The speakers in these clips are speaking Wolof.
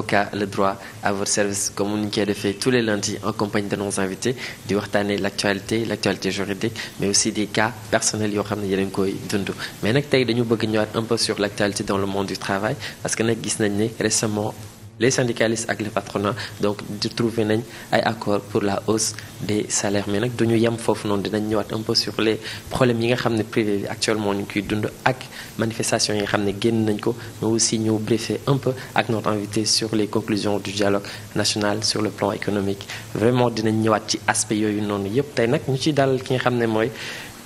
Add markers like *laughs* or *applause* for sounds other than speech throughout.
Oka le droit à votre service comme ni ñu koy defee tous les lundis en compagnie de nos invités di waxtaanee l' actualité l' actualité mais aussi des cas personnels yoo xam ne yéen koy dund. mais nag tey dañu bëgg ñëwaat un peu sur l' dans le monde du travail parce que nag gis nañ ne récemment. les syndicalistes ak le patronat donc di trouver nañ ay accord pour la hausse des salaires mais nag duñu yem foofu noonu dinañ ñëwaat un peu sur les problèmes yi nga xam ne privé bi actuellement ñu koy dund ak manifestation yi nga xam ne génn nañ ko mais aussi ñu briefer un peu ak notre invité sur les conclusions du dialogue national sur le plan économique vraiment dinañ ñëwaat ci aspect yooyu noonu yëpp tey nag ñu ciy dalal ki nga xam ne mooy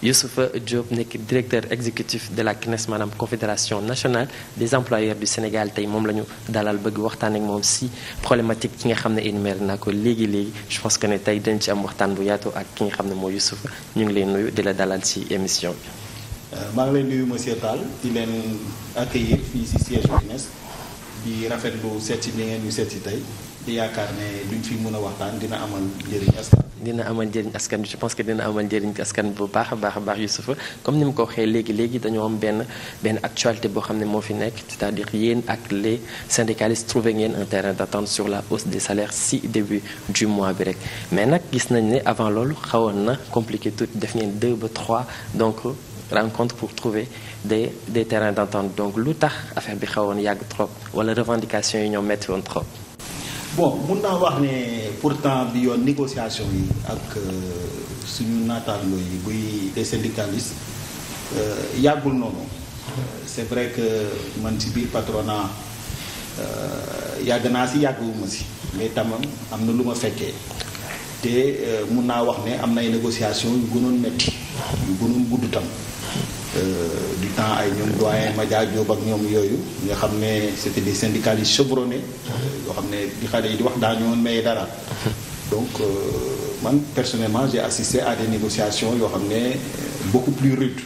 Youssoufa Diop nekk directeur exécutif de la CNES maanaam confédération nationale des employeurs du Sénégal tey moom la ñu dalal bëgg waxtaan ak moom si problématique ki nga xam ne énuméré naa ko léegi léegi je pense ne tey dañ ci am waxtaan bu yaatu ak ki nga xam ne mooy Youssoufa ñu ngi lay nuyu di la dalal si émission bi. Euh, maa ngi lay nuyu monsieur Tall di leen accueillir fii si siège CNES di rafetlu seet si bi ngeen ñu seet si tey di yaakaar ne luñ fi dina amal dina amal njëriñ askan bi je pense que dina amal njëriñ askan bu baax a baax a baax Youssoufa comme ni mu ko waxee léegi léegi dañoo am benn benn actualité boo xam ne moo fi nekk c'est-à-dire yéen ak les syndicalistes trouvé ngeen un terrain d'attente sur la hausse des salaires si début du mois bi rek mais nag gis nañ ne avant loolu xawoon na compliqué tuuti def ngeen deux ba trois donc rencontre pour trouver des des terrains d'entente donc lu tax affaire bi xawoon yàgg trop wala revendication yi ñoom metti trop bon mun naa wax ne pourtant bi yoon négociation yi ak euh, suñu naataango yi buy des syndicalistes euh, yàggul noonu euh, c'est vrai que man ci biir patronat yàgg naa si yàgguwuma si mais tamam am na lu ma fekkee te mun naa wax ne am na ay négociation yu gënoon metti yu gënoon gudd tam du temps ay ñoom doyen Madia Diop ak ñoom yooyu nga xam ne c'était des syndicalistes chevronnés yoo xam ne di xale yi di wax daañu woon dara. donc euh, man personnellement j'ai assisté à des négociations yoo xam ne beaucoup plus rudes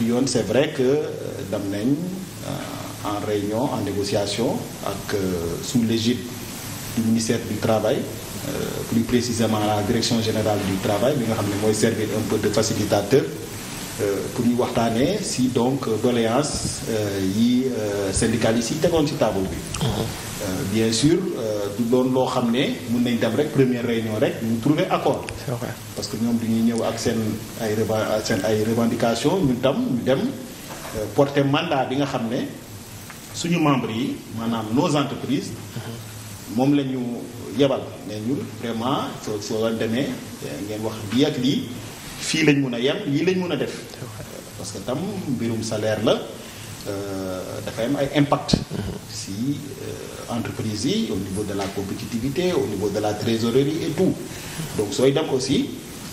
bi yoon c'est vrai que euh, dem nañ euh, en réunion en négociation ak sous l'égide du ministère du travail. plus précisément la direction générale du travail bi nga xam ne mooy servir un peu de facilitateur pour ñu waxtaanee si donc doléance yi syndicalistes yi tegoon ci table bi. Mm-hmm. Euh, bien sure euh, du doon loo xam ne mun nañ dem rek première réunion rek ñu trouver accord. parce que ñoom dañuy ñëw ak seen ay reva ay revendication ñu tam ñu dem euh, porter mandat bi nga xam ne suñu membres yi maanaam nos entreprise moom la ñu yebal ne ñu vraiment soo soo leen demee ngeen wax lii ak lii fii lañ mun a yem lii lañ mun a def. parce que tam mbirum salaire la. Euh, dafay am ay impact si euh, entreprise yi au niveau de la compétitivité au niveau de la trésorerie et tout donc sooy dem aussi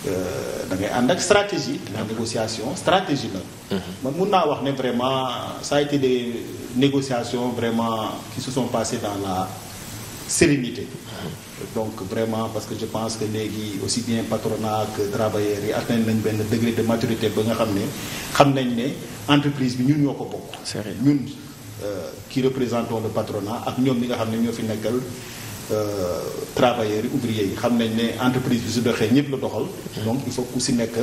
euh, da ngay ànd ak stratégie la négociation stratégie la mhm. man mun naa wax ne vraiment saa a été des négociations vraiment qui se sont passées dans la sérénité mhm. donc vraiment parce que je pense que léegi aussi bien patronat que travailleurs yi atteindre nañ benn degré de maturité ba nga xam ne xam nañ ne entreprise bi ñun ñoo ko bokk. ñun euh, qui représentons le patronat ak ñoom ñi nga xam ne ñoo fi nekkal euh, travailleurs yi ouvriers yi xam nañ ne entreprise bi su doxee ñëpp la doxal. donc il faut ku si nekk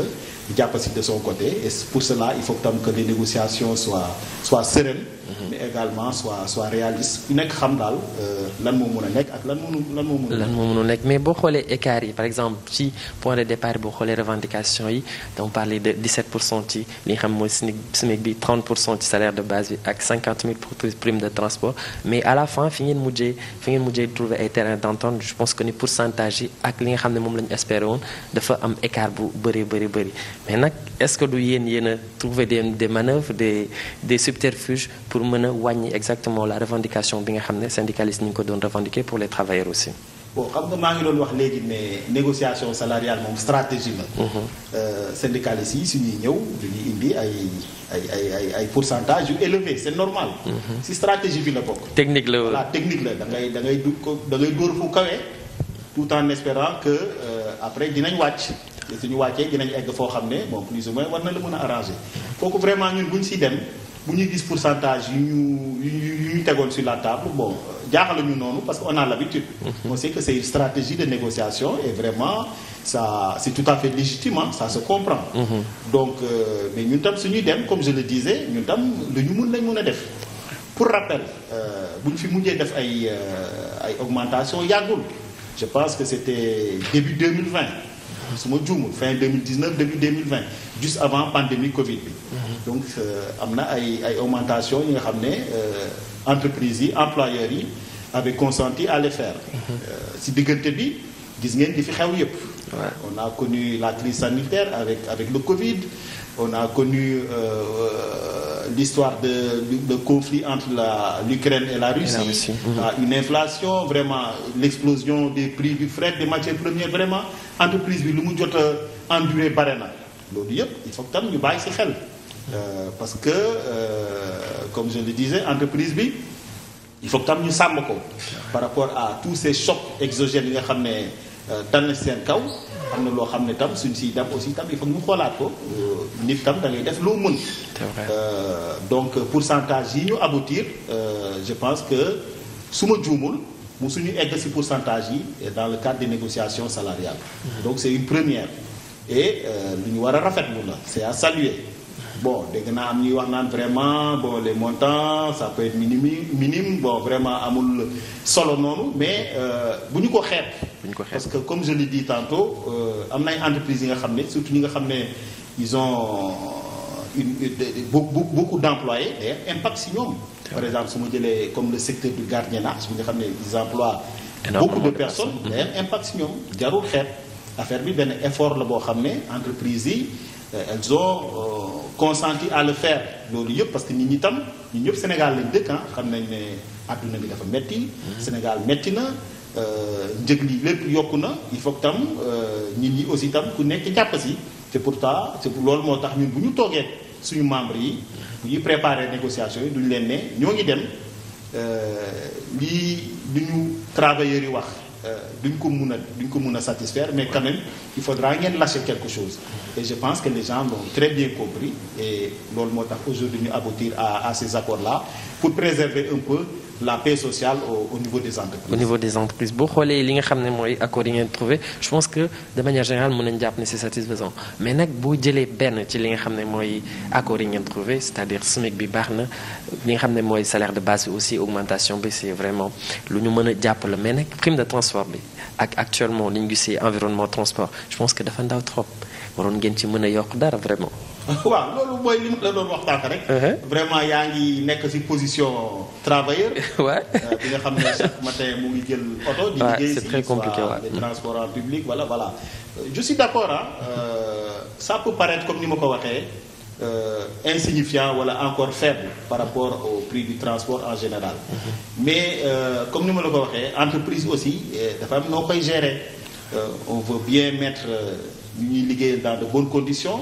jàpp si de côté et pour cela il faut tam que les négociations soit soient sereines. mais également soit réaliste nekk xam daal euh, lan moo mën a nekk ak lan moo lan moo mën a. nekk mais boo xoolee écart yi par exemple ci point de départ boo xoolee revendication yi donc parler de 17 pour cent ci li nga xam mooy SMIC SMIC bi 30 pour cent ci salaire de base bi ak 50 000 pour prime ne moom lañu espéré woon dafa am écart bu bëri bëri bëri mais nag est-ce que du yéen yéen a trouver des des manœuvres des pour mën a wàññi exactement la revendication bi nga xam ne syndicaliste ñu ngi ko doon revendiquer pour les travailleurs aussi. bon xam nga maa ngi doon wax léegi ne négociation salariale moom stratégie la. Mhm. Euh, syndicalistes yi suñuy ñëw dañuy indi ay ay ay ay ay pourcentage yu élevé c'est normal. Mhm. si stratégie bi la bokk. technique la voilà technique la da ngay da ngay du ko da ngay dóor fu kawe tout en espérant que euh, après dinañ wàcc. te suñu wàccee dinañ egg foo xam ne boo plus ou war na la mën a arranger kooku vraiment bu ñuy gis pourcentage yu ñu yu ñu tegoon sur la boo bon jaaxaluñu noonu parce que on a l'habitude mhm. on sait que c'est une stratégie de négociation et vraiment ça c'est tout à fait légitime ça se comprend mhm. donc euh, mais ñun tam suñuy dem comme je le disais ñun tam lu ñu mun lañ mun a def pour rappel euh, bu ñu fi mujjee def ay euh, ay augmentation yàggul je pense que c'était début 2020 su ma juumul fin 2019 début 2020 juste avant pandémie Covid bi. Mhm. donc euh, am na ay ay augmentation yi nga xam ne euh, entreprises yi employeurs yi avaient consenti à les faire. Mhm. Euh, si diggante bi gis ngeen di fi xew yëpp. Ouais. On a connu la crise sanitaire avec, avec le Covid. On a connu euh, l'histoire de, de, conflit entre l'Ukraine et la Russie. Et la Russie. Mmh. Une inflation, vraiment, l'explosion des prix du fret, des matières premières, vraiment, entreprise bi lu mu jot a enduré bare na. loolu yëpp il faut que tam ñu bàyyi ci xel. Euh, parce que euh, comme je le disais entreprise bi il faut que tam ñu sàmm ko. par rapport à tous ces chocs exogènes yi nga xam ne. tànn euh, seen kaw am na loo xam ne tam suñ siy jàpp aussi tam il faut ñu xoolaat ko euh, nit tam da def loo mën euh, donc pourcentage yi ñu aboutir je pense que su ma juumul mu suñu egg si pourcentage yi dans le cadre des négociations salariales mmh. donc c'est une première et lu ñu war a rafet rafetlu la c'est à saluer bon dégg naa am ñuy wax naan vraiment bon les montants ça peut être minime minime bon vraiment amul solo noonu mais euh, bu ñu ko xeet bu ko xeeb parce que comme je l'ai dit tantôt euh, am na ay yi nga xam ne surtout ñi nga xam ne ils ont une beaucoup beaucoup d'employés ah su ma jëlee comme le secteur du gardiennage bi nga xam ne ils emploient. beaucoup de personnes day am impact si ñoom jarul xeeb affaire bi benn effort la boo xam ne entreprises yi euh, elles consenti à le faire loolu yëpp parce que nit ñi tam ñu ñëpp Sénégal lañ dëkk ah xam nañ ne àdduna bi dafa metti hmm. Sénégal metti na euh, njëg li lépp yokku na il faut tam euh, nit ñi aussi tam ku nekk jàpp si te pourtant c'est loolu moo tax ñun bu ñu toogee suñu membres yi bu ñuy préparer négociation yi duñu leen ne ñoo ngi dem euh, lii lu ñu travailleurs wax Euh, duñ ko mun a duñ ko mun a satisfaire mais quand même il faudra ngeen lâcher quelque chose et je pense que les gens l'ont très bien compris et loolu moo tax aujourd'hui ñu aboutir à à ces accords là pour préserver un peu la paix sociale au, au niveau des entreprises. boo xoolee li nga xam ne mooy accords yi ngeen trouvé je pense que de manière générale mën nañu jàpp ne c'est satisfaisant mais nag boo jëlee benn ci li nga xam ne mooy accords yi ngeen trouvé c'est-à-dire SMIC bi baax na li nga xam ne mooy salaire de base bi aussi augmentation bi c'est vraiment lu ñu mën a jàpp la mais nag prime de transport bi ak actuellement li ñu gisee environnement transport je pense que dafa ndaw trop waroon ngeen mën a yokk dara vraiment. *laughs* waaw loolu mooy li mu la doon waxtaan rek. Uh-huh. vraiment yaa ngi nekk ci position travailleur. waaw *laughs* euh, bi nga xam ne chaque matin mu ngi jël oto. di liggéey c'est très compliqué les transports en public voilà voilà. Euh, je suis d'accord ah comme ni ma ko waxee insignifiant wala encore faible par rapport au prix du transport en général. Uh-huh. mais comme ni ma la ko waxee entreprise aussi dafa am noo koy gérer on veut bien mettre. ñu ñuy liggéeyal dans de bonnes conditions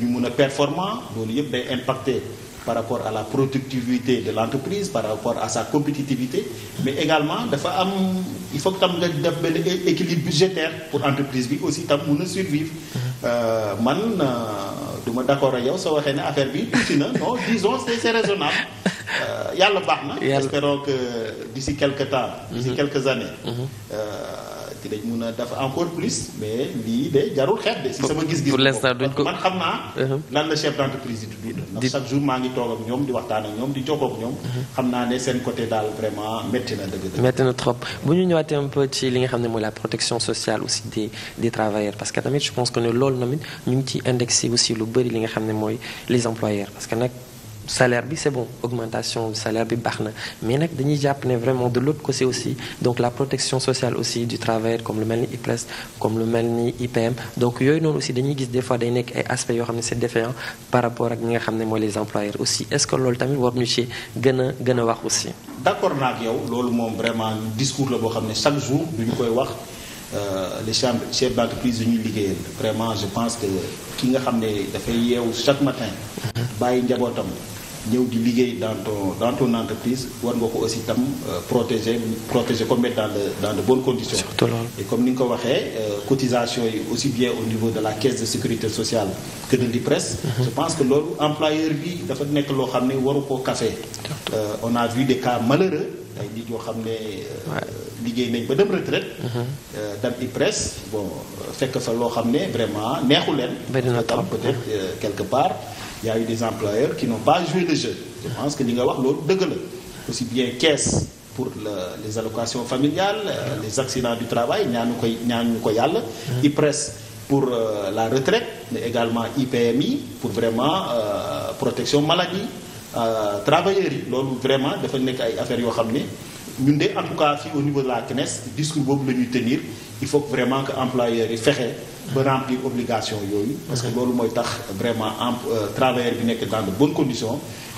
ñu mun a performant loolu yëpp day impacter par rapport à la productivité de l'entreprise par rapport à sa compétitivité mais également dafa am il faut que tam nga def benn équilibre budgétaire pour entreprise bi aussi tam mun a survivre euh, man euh, du ma d'accord ak yow soo ne affaire bi tuuti na non disons euh, yàlla baax na espérons que d'ici quelque temps d'ici mm-hmm. quelques années mm-hmm. dinañ mun a def encore plus mais lii de jarul xeet de. si sama gis-gis. pour l'instant duñ ko man xam naa. Uh-huh. lan la chef d'entreprise yi di dund. chaque maa ngi toog ñoom di ñoom di jokkoo ak ñoom. Uh-huh. xam naa ne seen vraiment métti na dëgg trop bu ñu ñëwaatee un ci li nga xam ne mooy la protection sociale aussi des des travailleurs parce que tamit je que ne loolu tamit ñu ngi ci indexé aussi lu bëri li nga xam ne mooy les employeurs parce que nag. salaire bi c'est bon augmentation salaire bi baax na mais nag dañuy jàpp ne vraiment de l'autre côté aussi donc la protection sociale aussi du travailleur comme lu mel ni IPRES comme lu mel ni IPM donc yooyu noonu aussi dañuy gis des fois day nekk ay aspects yoo xam ne c'est défaillant par rapport ak ñi nga xam ne mooy les employeurs aussi est-ce que loolu tamit war ñu ci gën a gën a wax aussi d'accord naa ak yow loolu moom vraiment discours la boo xam ne chaque jour duñu koy wax Euh, les chambres chefs d'entreprise yu ñuy liggéeyal vraiment je pense que ki nga xam ne dafay yeewu chaque matin bàyyi njabootam ñëw di liggéey dans ton dans ton entreprise war nga ko aussi tam euh, protéger protéger ko mettre dans de dans de bonnes conditions comme ni nga ko waxee euh, cotisation yi aussi bien au niveau de la caisse de sécurité sociale que de l'IPRES mhm. je pense que loolu employeur bi dafa nekk loo xam ne waru koo café on a vu des cas malheureux tey jii ñoo xam ne. Euh, liggéey nañ ba dem retraite. Mm-hmm. Euh, dem IPRES bon fekk fa loo xam ne vraiment neexu leen. tam peut-être euh, quelque part y a eu des employeurs qui n'ont pas joué le jeu. je pense que li nga wax loolu dëgg la aussi bien caisse pour les allocations familiales mm-hmm. les accidents du travail ñaanu koy ñaanu ko yàlla. Mm-hmm. IPRES pour la retraite mais également IPMI pour vraiment protection maladie. Euh, travailleurs yi loolu vraiment dafa nekk ay affaires yoo xam ne ñun de en tout cas fii au niveau de la CNES discours boobu la ñuy tenir il faut vraiment que employeurs yi fexe ba remplir obligation yooyu parce que loolu mooy tax vraiment euh, travailleur bi nekk dans de bonnes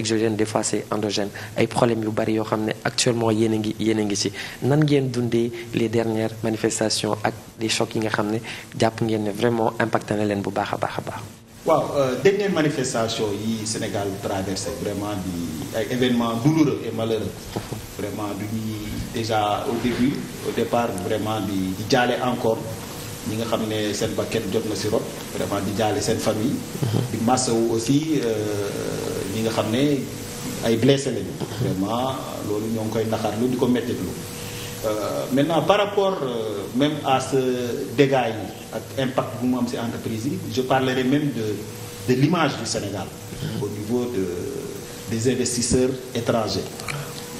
exogène des fois c'est endogène ay problème yu bari yoo xam ne actuellement yéen a ngi ci nan ngeen dundee les dernières manifestations ak les chocs yi nga xam ne jàpp ngeen ne vraiment impacté na leen bu baax a baax a baax. waaw euh, dernière manifestation yi Sénégal traversé vraiment di ay événements douloureux et malheureux *laughs* vraiment du ñuy déjà au début au départ vraiment di di jaale encore. ñi nga xam ne seen bakkan jot na si rot vraiment di jaale seen famille. Mm-hmm. di massawu aussi euh, ñi nga xam ne ay blessé lañu vraiment loolu ñoo ngi koy naxarlu di ko mettitlu euh, maintenant par rapport euh, même à ce dégâts yi ak impact bu mu am ci entreprise yi je parlerai même de de l'image du Sénégal au niveau de des investisseurs étrangers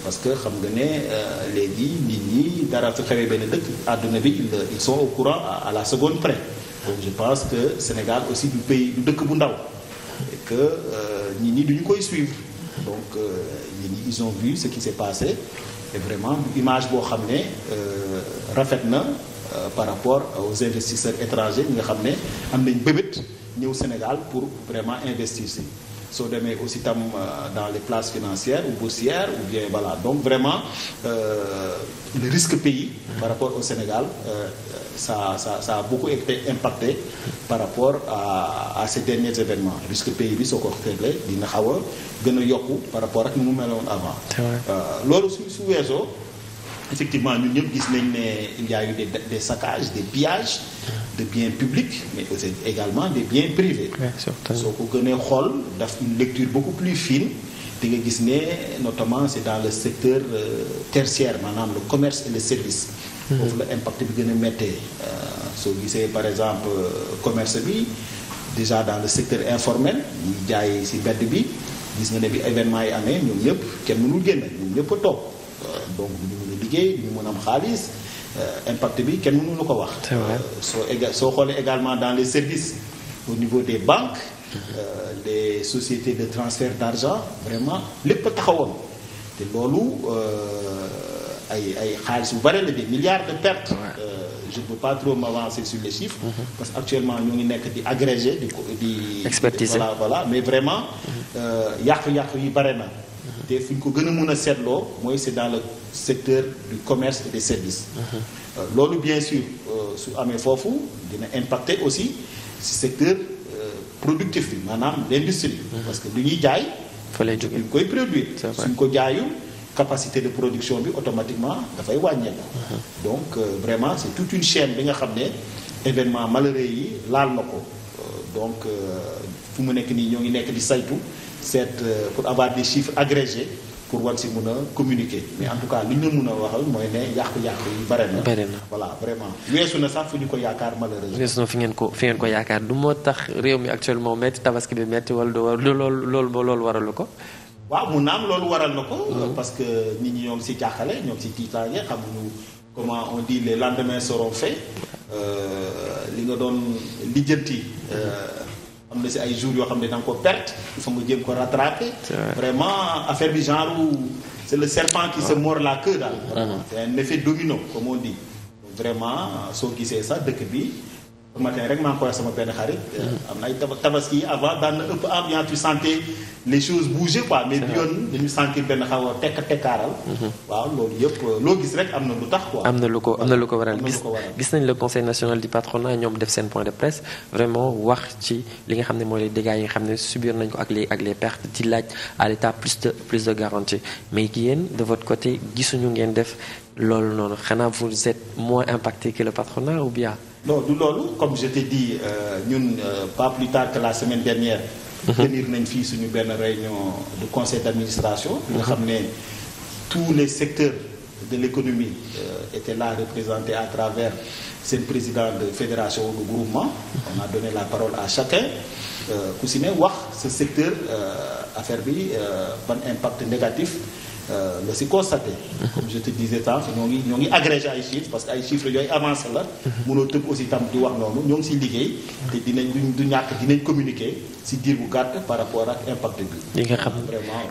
parce que xam nga ne euh, léegi nit ñi dara su xewee benn dëkk àdduna bi ils sont au courant à la seconde près donc je pense que Sénégal aussi du pays du dëkk bu ndaw Euh, nit ñi duñu koy suivre donc euh, nit ñi ils ont vu ce qui s'est passé et vraiment image boo xam ne euh, rafet na par rapport aux investisseurs étrangers ñi nga xam ne am nañ bëbët ñëw Sénégal pour vraiment investir si soo demee aussi tam euh, dans les places financières ou boursières ou bien voilà donc vraiment euh, le risque pays par rapport au Sénégal euh, sa ça, ça a beaucoup été impacté par rapport a à ces derniers événements risque pays bi soo ko faible dina xaw a gën a yokku par rapport ak ni mu meloon avant euh, loolu su su weesoo effectivement ñun ñëpp gis nañ ne il y a eu des des saccages des de biens publics mais aussi également des bien privés soo ko gënee xool daf une lecture beaucoup plus fine di nga gis ne notamment c'est dans le secteur euh, tertiaire maanaam le commerce et les services hmm. foofu la bi gën a euh, soo gisee par exemple euh, commerce bi déjà dans le secteur informel ñuy jaay ci mbedd bi gis nga ne bi événement yi amee ñoom ñëpp kenn mënul génn ñoom ñëpp a toog donc du ñu mën a liggéey du ñu mën a am xaalis euh, impact bi kenn mënu la ko wax. Euh, soo éga soo xoolee également dans les services au niveau des banques. Euh, les sociétés de transfert d' vraiment lépp a taxawoon te loolu ay ay xaalis bu bare la des milliards de pertes. je ne peux pas trop m'avancer sur les chiffres. Mm-hmm. parce que actuellement ñu ngi nekk di agrégé di ko di. expertiser voilà voilà mais vraiment. Mm-hmm. yàqu-yàqu yi bare na. te fu ñu ko gën a mën a seetloo mooy c'est dans le secteur du commerce et des services. Uh-huh. loolu bien sûr euh, su amee foofu dina impacter aussi si secteur euh, productif bi maanaam l'industrie. Uh-huh. parce que lu ñuy jaay. fa lay jógee koy produire. suñ ko jaayu capacité de production bi automatiquement dafay wàññeeku. Uh-huh. donc euh, vraiment c'est tout une chaîne bi nga xam ne événement malheureux yi laal na ko donc fu mu nekk nii ñoo ngi nekk di saytu. seet euh, pour avoir des chiffres agrégés pour war si mun a communiqué mais en tout cas li ñu mun a waxal mooy ne yàqu-yàqu yi bare na. bare na voilà vraiment weesu na sax fu ñu ko yaakaar malheureusement. weesu na fi ngeen ko fi ko yaakaar du moo tax réew mi actuellement metti tabaski bi metti wala du war loolu loolu loolu waralu ko. waaw mun naam loolu waral na ko. Mm-hmm. parce que nit ñi ñoom si jaaxale ñoom si tiitaange xamuñu comment on dit les lendemains seront faits euh, li nga doon lijjanti. Euh, am na si ay jours yoo xam ne da nga ko perte il faut nga jéem ko rattraper. vraiment affaire bi genre c' est le serpent qui se moor la queue daal. vraiment uh-huh. c' est un effet domino comme on dit. vraiment soo gisee sax dëkk bi. matin rek maa ngi sama benn xarit. am na ay tabaski bi yoon dañu benn xaw a tekk tekkaaral. Mhm. waaw loolu yëpp euh, loo gis rek am na lu tax am na lu ko am na lu ko waral gis gis nañ le conseil national du patronat ñoom def seen point de presse vraiment wax ci li nga xam ne mooy les yi nga xam ne subir nañ ko ak les ak les pertes di laaj à l'état plus de plus de garantie yéen de votre coté gisuñu ngeen def loolu noonu xanaa vous êtes moins impacté que le patronat ou bien. non du loolu comme je t'ai dit euh, ñun euh, pas plus tard que la semaine dernière. Mhm. tenir nañ fii suñu benn réunion de conseil d'administration. Mhm. nga xam ne tous les secteurs de l'économie euh, étaient là représentés à travers seen président de fédération ou de groupement. Mhm. on a donné la parole à chacun euh, ku si ne wax ce secteur euh, affaire bi ban impact négatif. la euh, si constaté. comme je te disais tant ñoo ngi ñoo ngi agrégé ay chiffres parce que ay chiffres yooyu avancé la. mënoo tëb aussi tam di wax noonu ñoo si siy liggéey. te dinañ du ñàkk dinañ communiquer si diir bu gàtt par rapport ak impact bi. li nga xam vraiment.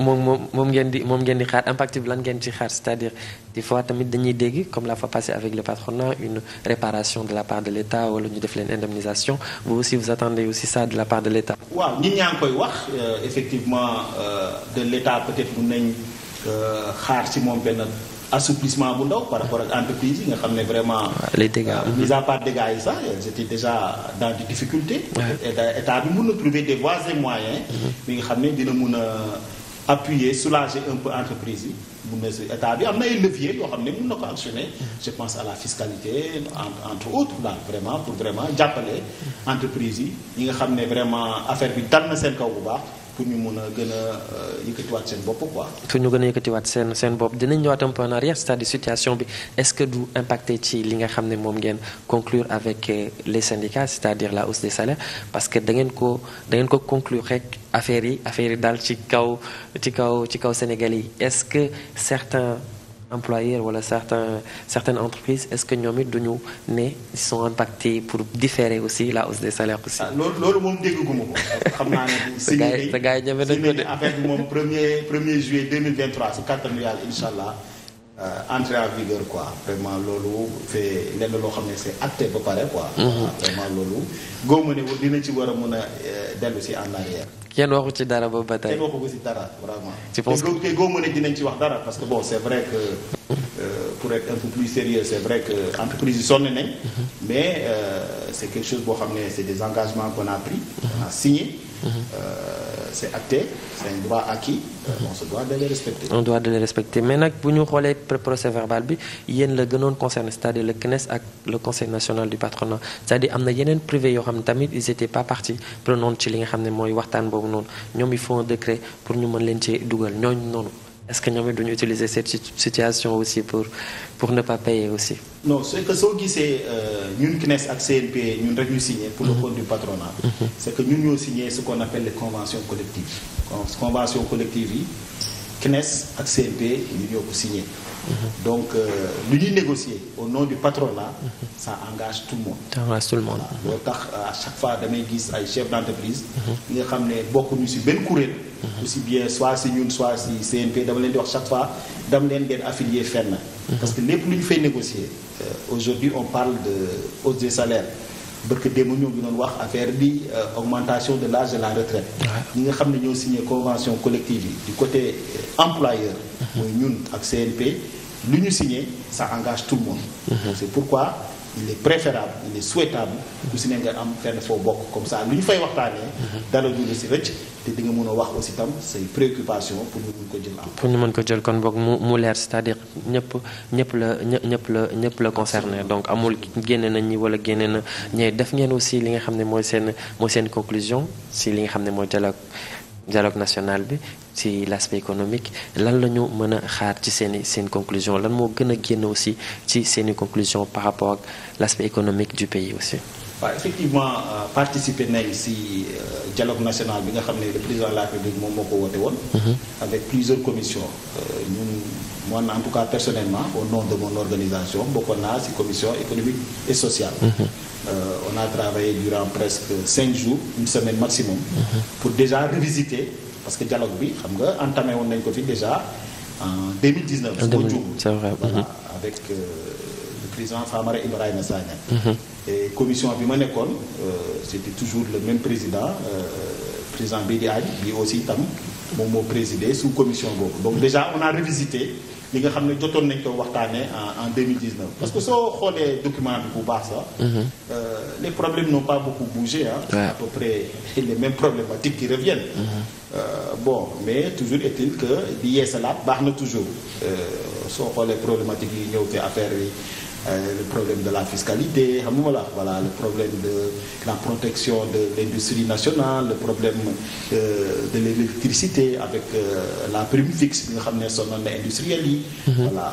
moom moom ngeen di moom ngeen di xaar impact bi lan ngeen ci xaar c'est-à-dire des tamit dañuy dégg comme la fa passée avec le patronat une réparation de la part de l'État wala ñu def leen indemnisation vous aussi vous attendez aussi ça de la part de l'État waaw nit ñaa koy wax euh, effectivement euh, de l'État peut-être mun euh, xaar si moom benn assouplissement bu ndaw par rapport ak entreprise yi nga xam ne vraiment. les dégâts euh, mis à part dégâts yi sax j'étais déjà dans des difficultés. état bi mun na trouver des voies et moyens. bi mm-hmm. nga xam ne dina mun a appuyer soulager un peu entreprise yi. mun na si état bi am na ay leviers yoo xam ne mun na ko actionner. Mm-hmm. je pense à la fiscalité entre autres daal vraiment pour vraiment jàppale mm-hmm. entreprise yi ñi nga xam ne vraiment affaire bi dal na seen kaw bu baax. pour ñu mun a gën a euh, yëkkatiwaat seen bopp quoi. pour gën a yëkkatiwaat seen seen bopp dinañ ñëwaat un peu en arrière c'est-à-dire situation bi est-ce que du impacté ci li nga xam ne moom ngeen conclure avec euh, les syndicats c'est-à-dire la hausse des salaires parce que da ngeen ko da ngeen ko conclure rek affaire yi affaire yi daal ci kaw ci kaw ci kaw Sénégal yi est-ce que certains. employeurs wala certains certaines entreprises est-ce que ñoom it duñu ne ils sont impactés pour différer aussi la hausse des salaires aussi. Ah, loolu loolu moom dégguma ko. xam naa ne si ñu. te gars yi ñeme nañu ko de en moom premier premier juillet 2023 si kàttanu yàlla incha allah. Euh, entrée en vigueur quoi vraiment loolu fee lenn loo xam ne c'est acté ba pare quoi. Mhm. vraiment loolu. góob ma ne dina ci war a mën a euh, dellu si en arrière. kenn waxu ci dara ba ba tey. kenn waxu ci dara vraiment. je pense que te goo mën a dinañ ci wax dara parce que bon c' est vrai que euh, pour être un peu plus sérieux c' est vrai que entreprise yi nañ. Mhm. mais euh, c' est quelque chose boo xam ne c' des engagements qu'on a pris. on a signé. Euh, c'est acté c'est un droit acquis. Mhm. on se doit de mais nag bu ñu xoolee procès verbal bi yéen la gënoon concerné c'est-à-dire le CNES ak le conseil national du patronat cest am na yeneen privé yoo xam ne tamit ils étaient pas partie prenante ci li nga xam ne mooy waxtaan boobu noonu ñoom il faut un pour ñu mën leen ci dugal ñooñu noonu. parce que ñoom it duñu utiliser cette situation aussi pour ne pas payer aussi. non c'est que soo gisee euh, ñun CNES ak CNP ñun rek ñu signé. pour le mm-hmm. compte du patronat. Mm-hmm. c'est que ñun ñoo signé ce qu'on appelle les conventions collectives. convention collective yi CNES ak CNP ñu ñoo ko donc euh, lu ñuy négocier au nom du patronat. ça engage tout le monde. engage tout le monde. tax à chaque fois damay gis ay chefs d'entreprise. Mhm. ñi nga xam ne ñu si benn kuréel. Mhm. aussi bien soit ci ñun soit ci CNP dama leen di wax chaque fois dama leen ngeen affilier fenn. Mhm. parce que lépp lu ñu fay négocier euh, aujourd'hui on parle de hausse des salaires. bërka démb ñoo ngi doon wax affaire bi euh, augmentation de l'âge de la retraite ñi nga xam ne ñoo signé convention collective yi di côté euh, employeur mm-hmm. mooy ñun ak CNP lu ñu signé sa engage tout le monde mm-hmm. c'est pourquoi il est préférable il est souhaitable ku si ne nga am fenn foo bokk comme saa lu ñu fay waxtaanee. dara du si rëcc te di nga mën a wax aussi tam say préoccupation pour ñu mën ko jël am. pour ñu mën ko jël kon boog mu mu leer c'est-à-dire ñëpp ñëpp la ñëpp la ñëpp la concerné donc amul génne na ñi wala génne na ñee def ngeen aussi li nga xam ne mooy seen mooy seen conclusion si li nga xam ne mooy dialogue dialogue nationale bi ci l'aspect économique lan la ñu mën a xaar ci seen i seen conclusion lan moo gën a génn aussi ci seen i conclusion par rapport ak l'aspect économique du pays aussi waaw effectivement euh, participer nañ ci euh, dialogue national bi nga xam ne le président la République moom moo ko woote woon mhm. avec plusieurs commissions euh, ñun moom en tout cas personnellement au nom de mon organisation bokkoon naa ci commission économique et sociale mhm. Euh, on a travaillé durant presque cinq jours une semaine maximum. pour déjà revisiter parce que dialogue bi xam nga entamé woon nañ ko fi déjà en 2019. en 2019 c'est vrai voilà avec euh, le président Famara Ibrahima Sagna. Mhm. et commission bi ma nekkoon euh, c'était toujours le même président président bi di aaj bi aussi tam. moom moo présidé sous commission boobu donc déjà on a revisité li nga xam ne jotoon nañ ko waxtaanee en en 2019 parce que soo xoolee document bi bu baax sax. Mhm. Euh, les problème n'ont pas beaucoup bougé ah. Ouais. à peu près *laughs* les mêmes problématiques qui reviennent. Mhm. Euh, bon mais toujours est-il que di yeesalaat baax na toujours. Euh, soo xoolee problématique yi ñëw te affaire yi. Euh, le problème de la fiscalité xam la voilà le de la protection de l'industrie nationale le problème euh, de l'électricité avec euh, la prime fixe bi nga xam ne sonnoon na industriel yi mhm. voilà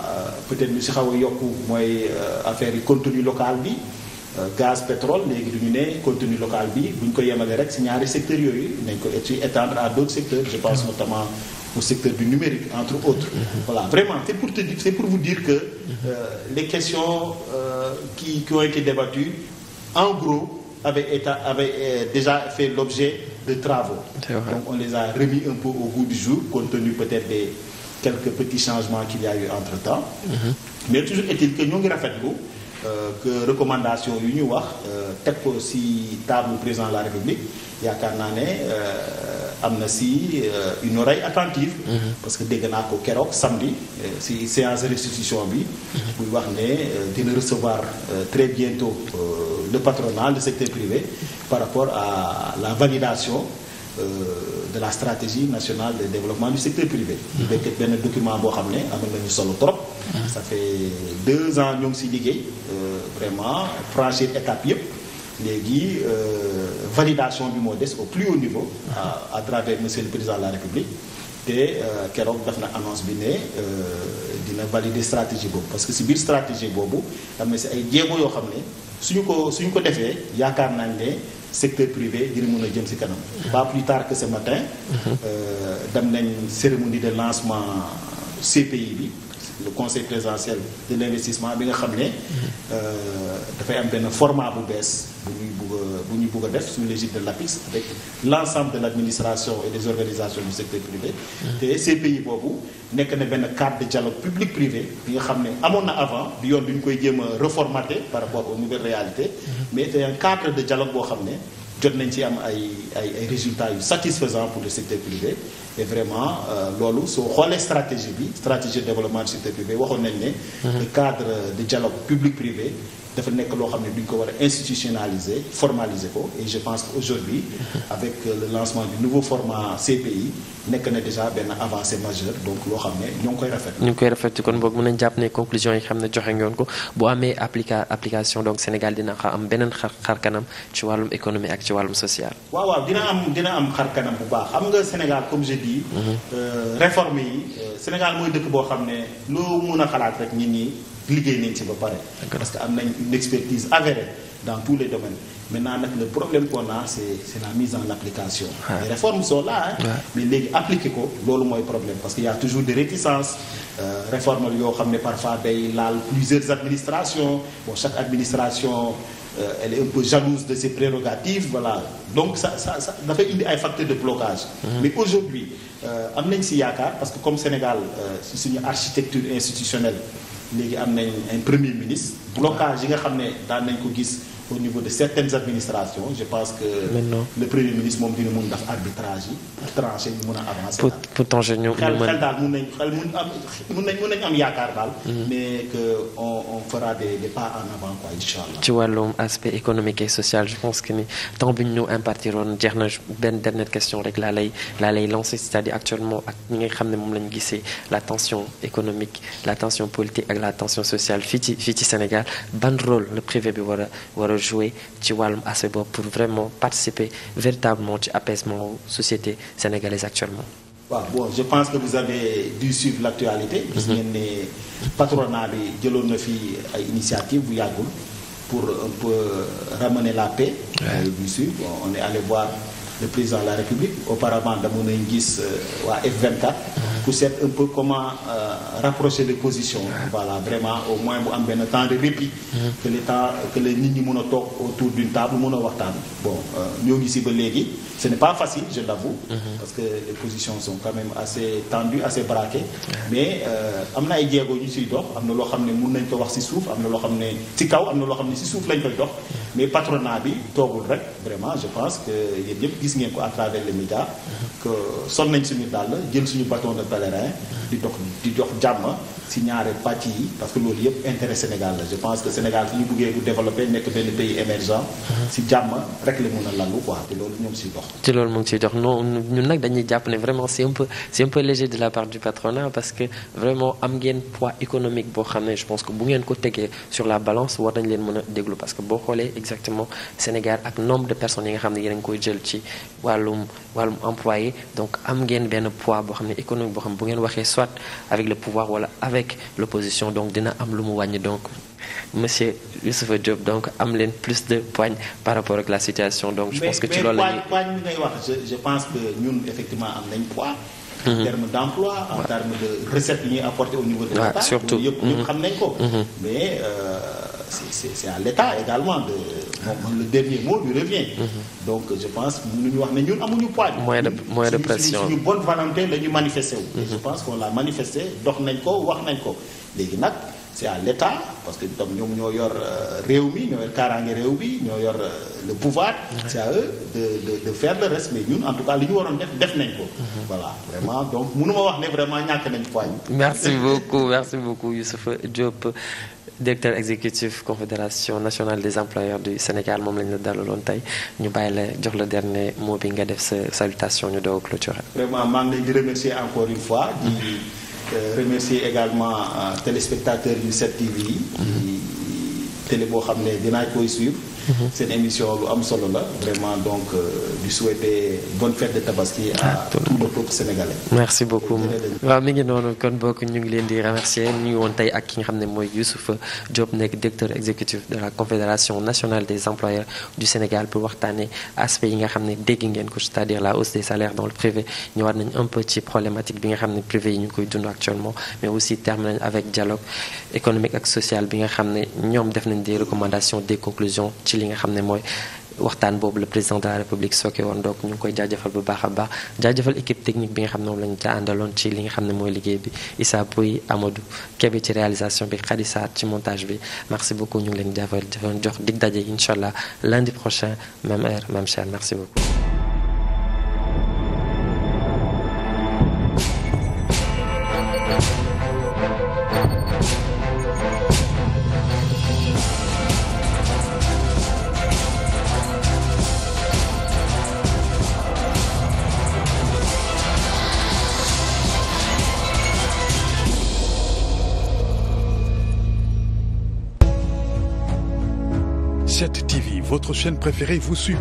peut-être lu si xaw a yokku mooy affaire yi contenu local bi gaz pétrole léegi du ñu ne contenu local bi bu ñu ko yemale rek si ñaari secteurs yooyu nañ ko étendre à d'autres secteurs je pense mhm. notamment au secteur du numérique, entre autres. Mhm. Voilà, vraiment, c'est pour, te dire, vous dire que mhm. euh, les questions euh, qui, qui, ont été débattues, en gros, avaient, été, avaient euh, déjà fait l'objet de travaux. Donc on les a remis un peu au goût du jour, compte tenu peut-être des quelques petits changements qu'il y a eu entre-temps. Mhm. Mais toujours est-il que nous, Grafetgo, Euh, que recommandation yu ñu wax euh, teg ko ci table président de la république yaakaar naa ne euh, am na ci une oreille attentive. Mm-hmm. parce que dégg naa ko keroog samedi ci séance restitution bi. buy mm-hmm. wax ne dina recevoir très bientôt le patronat le secteur privé par rapport à la validation. de la stratégie nationale de développement du secteur privé. Mm-hmm. benn document boo xam ne na ñu solo trop. ça fait deux ans ñu ngi si liggéey euh, vraiment franchir étape yëpp léegi euh, validation bi moo des au plus haut niveau à, à travers monsieur le président de la république te euh, keroog def na annonce bi ne dina valider stratégie boobu parce que si biir stratégie boobu am na si ay jéego yoo xam ne suñu ko suñu ko defee yaakaar naa ne secteur privé dina mun a jëm si kanam. pas plus tard que ce matin. Mhm. dem nañ cérémonie de lancement CPI bi. le conseil présidentiel de l' investissement bi nga xam ne euh, dafay am benn format bu bees bu ñuy bugg bu ñuy bugg def sous l'égide de l'APIX avec de l' administration et des organisations du secteur privé mmh. te CPI boobu nekk na benn cadre de dialogue public privé bi nga xam ne amoon na avant bi yoon bi ñu koy jéem a reformaté par rapport au nouvelles réalités mmh. mais c'est un cadre de dialogue boo xam ne jot nañ ci am ay ay ay résultats yu satisfaisants pour le secteur privé et vraiment euh, loolu soo xoolee stratégie bi stratégie de développement du secteur privé waxoon nañ ne. Mhm. le cadre de dialogue public privé. dafa nekk loo xam ne duñ ko war a institutionnaliser formaliser ko et je pense que aujourd'hui avec euh, le lancement du nouveau format CPI nekk na déjà benn avancée majeure donc loo xam ne ñoo ngi koy rafetlu. ñu ngi koy rafetlu kon boog mën nañ jàpp ne conclusion yi xam ne joxe ngeen ko bu amee applica application donc Sénégal dina am beneen xar xar kanam ci wàllum économie ak ci wàllum social. waaw waaw dina am dina am xar kanam bu baax xam nga Sénégal comme je dis. Mhm. Euh, réforme yi euh, Sénégal mooy dëkk boo xam ne loo mun a xalaat rek nit ñi. liggéey nañ ci ba pare. parce que am nañ une expertise avérée dans tous les domaines. maintenant nag le problème qu'on a c'est c'est la mise en application. Ouais. Ah. les réformes mais léegi appliquer ko loolu mooy problème parce que y toujours des réticences euh, réforme yoo xam ne parfois day laal plusieurs administrations bon chaque administration euh, elle est un peu jalouse de ses prérogatives voilà donc sa ça ça dafay indi ay facteurs de blocage. Mm -hmm. mais aujourd'hui euh, am nañ si yaakaar parce que comme Sénégal euh, suñu architecture institutionnelle. léegi am nañ un premier ministre blocage yi nga xam ne daan nañ ko gis au niveau de certaines administrations je pense que. Maintenant. le premier ministre moom dina mun def arbitrage yi pour trancher ñu a avancer. pour pour trancher ñu xel xel am yaakaar daal. Mm-hmm. mais que on fera des pas en avant quoi incha allah. ci wàllum aspect économique et social je pense que ni temps bi ñu impartiroon jeex na benn dernière question rek la lay laa lay lancer c'est-à-dire actuellement ak ñi nga xam ne moom la ñu gisee la tension économique la tension politique ak la tension sociale fii ci fii ci Sénégal. Sénégal ban rôle le privé bi war a war a jouer ci wàllum aspect boobu pour vraiment participer véritablement ci apaisement société sénégalaise actuellement. waaw bon je pense que vous avez dû suivre l'actualité gis mhm. ngeen ne patronat bi jëloon na fi ay initiative bu yàggul pour un peu ramener la paix. Euh, bien sûr on est allé voir le président de la République auparavant dama nañ gis euh, waa F24. Mhm. pour seet un peu comment euh, rapprocher les positions voilà vraiment au moins bu am benn temps de répit mm-hmm. que l'état que nit ñi mën a toog autour d'une table mën a waxtaan bon euh, ñoo ngi si ba léegi ce n'est pas facile je l'avoue mm-hmm. parce que les positions sont quand même assez tendues assez braquées mais euh, am na ay jéego ñu siy dox am na loo xam ne mën nañ ko wax si suuf am na loo xam ne si kaw am na loo xam ne si suuf lañ koy dox mm-hmm. mais patronat bi toogul rek vraiment je pense que yéen ñëpp gis ngeen ko à travers les pèlerins di dox di dox jàmm si ñaare pàcc yi parce que loolu yëpp intérêt Sénégal la je pense que Sénégal su loolu ñoom ci loolu mu ngi nag dañuy jàpp ne vraiment c'est un peu c'est un peu léger de la part du patronat parce que vraiment am ngeen poids économique boo xam ne je pense que bu ngeen ko tegee sur la balance war nañ leen mën a déglu parce que boo xoolee exactement Sénégal ak nombre de personnes yi nga xam ne yéen a ngi koy jël ci wàllum wàllum employé donc boo xam bu ngeen waxee soit avec le pouvoir wala avec l'opposition dina am lu mu wàññi donc monsieur Youssoufa Diop donc am leen plus de poigne par rapport ak la situation donc je pense que ci loolu la ñuy poigne bi ngay wax je pense que ñun effectivement am nañ poids en mmh. termes d'emploi en ouais. de recettes yi ñuy au niveau de l'État ouais, surtout yëpp yëpp mhm. xam nañ ko mhm. mais euh, c'est à l'État également de moom le dernier mot lui revient. Mm-hmm. donc je pense mënuñu wax ne ñun amuñu poids. moyen de moyen de pression suñu bonne volonté la ñu mm-hmm. je pense qu'on l'a manifesté dox nañ ko wax nañ ko léegi nag. c'est à l'État parce que itam ñoom ñoo yor euh, réew mi ñoo yor kaaraange réew bi ñoo yor euh, le pouvoir. Mm-hmm. c'est à eux de de de le reste mais ñun en tout cas li ñu waroon def def nañ ko. voilà vraiment donc mënuma wax ne vraiment ñàkk nañ poids merci beaucoup merci beaucoup Youssoupha Diop. directeur exécutif confédération nationale des employeurs du Sénégal moom lañu la dalaloon tey ñu bàyyi la jox la dernier moo bi nga def sa salutation ñu doog clôturer. vraiment maa ngi leen di remercier encore une fois. di euh, remercier également euh, téléspectateurs yu 7TV yi. Mm-hmm. télé boo xam ne dinaa koy suivre. seen mm-hmm. émission lu am solo la vraiment donc euh, di souhaiter bonne fête de tabaski à ah, tout le peuple merci beaucoup waaw mi ngi noonu kon bokk ñu ngi leen di remercier ñu ngi woon tey ak ki nga xam ne mooy Youssouf Diop nekk directeur exécutif de la confédération nationale des employeurs du Sénégal pour waxtaanee aspect yi nga xam ne dégg ngeen ko cest la hausse des salaires dans le privé ñëwaat nañ un peu ci problématique bi nga xam ne privé yi ñu koy dund actuellement mais aussi terminé nañ avec dialogue économique ak social bi nga xam ne ñoom def nañ des recommandations des conclusions li nga xam ne mooy waxtaan boobu la président de la république sooke woon donc ñu ngi koy jaajafal bu baax a baax jaajëfal équipe technique bi nga xam ne moom lañu ca àndaloon ci li nga xam ne mooy liggéey bi Issa Pouy Amadou Kébé ci réalisation bi Khady Sarr ci montage bi merci beaucoup ñu ngi leen jaajëfal jox dig daje incha allah lundi prochain même heure même chaîne merci beaucoup votre chaîne vous suit